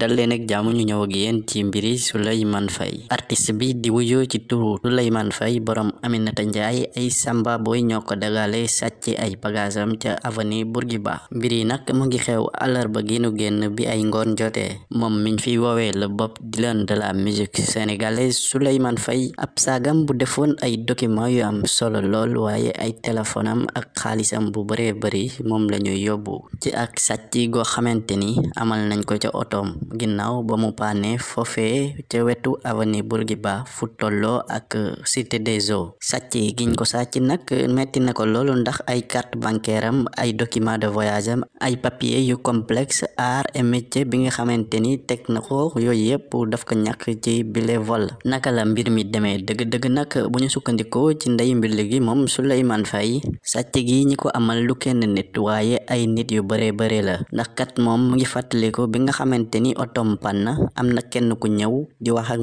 dal leen ak jaamu ñu ñëw ak yéen ci mbiri Souleymane fay artiste bi di wuyoo ci turu Souleymane Faye borom ta Ndiaye ay Samba booy ñoo ko dagale sàcc ay bagaasam ca avenue Bourguiba mbir yi nag mu ngi xew àllarba gi nu génn bi ay ngoon jotee moom miñ fi woowee le Bob Dylan de la musique sénégalaise Souleymane Faye ab saagam bu defoon ay document yu am solo lool waaye ay téléphone am ak xaalisam bu bëree bëri moom la ñuy yóbbu ci ak sàcc goo xamante ni amal nañ ko ca otoom ginnaaw ba mu paane foofee ca wetu avenue Bourguiba fu tolloo ak cité des eaux sacc giñ ko sacc nag metti na ko loolu ndax ay carte bancaire am ay document de voyage am ay papier yu complexe art et métier bi nga xamante ni teg na ko yooyu yëpp daf ko ñàkk ci bile vol naka la mbir mi demee dëgg-dëgg nag bu ñu sukkandikoo ci ndey mbir gi moom man Faye sacc gi ñi ko amal lu kenn nit waaye ay nit yu bare bare la ndax kat moom mu ngi fàttaliku bi xamante otom panna am na kenn ku ñëw di wax ak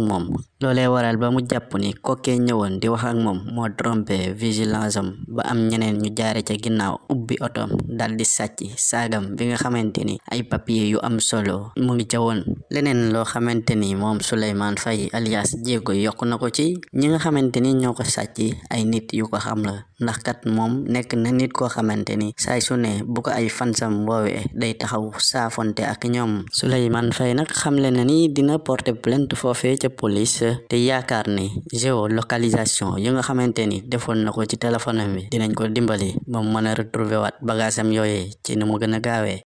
loolee waral ba mu jàpp ni kookee ñëwoon di wax moom moo trompé vigilance am ba am ñeneen ñu jaare ca ginnaaw ubbi otoom dal di sàcc saagam bi nga xamante ni ay papiye yu am solo mu ngi ca woon leneen loo xamante ni moom Souleymane fay alias Diégo yokk na ko ci ñi nga xamante ni ñoo ko sàcc ay nit yu ko xam la ndax kat moom nekk na nit koo xamante ni say su bu ko ay fansam woowee day taxaw saafonte ak ñoom Souleymane Faye nag xamle na ni dina te yaakaar ni géolocalisation yi nga xamante ni defoon na ko ci téléphone am dinañ ko dimbali ba mu mën a retrouver waat bagaasam yooyee ci ni mu gën a gaawee